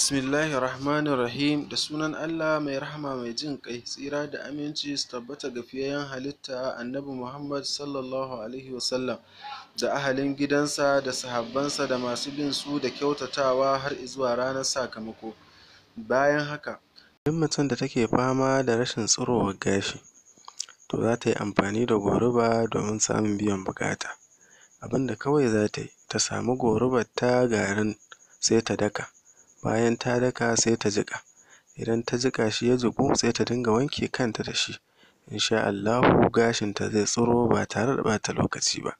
Bismillahi Rahmanir Rahim da sunan Allah mai rahama mai jin kai tsira da aminci su tabbata ga fiyayen halitta annabi Muhammad sallallahu alaihi wasallam da ahalin gidansa da sahabbansa da masu bin su da kyautatawa har izuwa ranar sakamako. Bayan haka, duk mutum da take fama da rashin tsirowar gashi to za ta yi amfani da goruba domin samun biyan bukata abinda kawai za ta yi, ta samu gorubar ta garin sai ta daka. bayan ta daka sai ta jiƙa idan ta jiƙa shi ya jiƙu sai ta dinga wanke kanta da shi in sha Allahu gashinta zai tsiro ba tare da ɓata lokaci ba.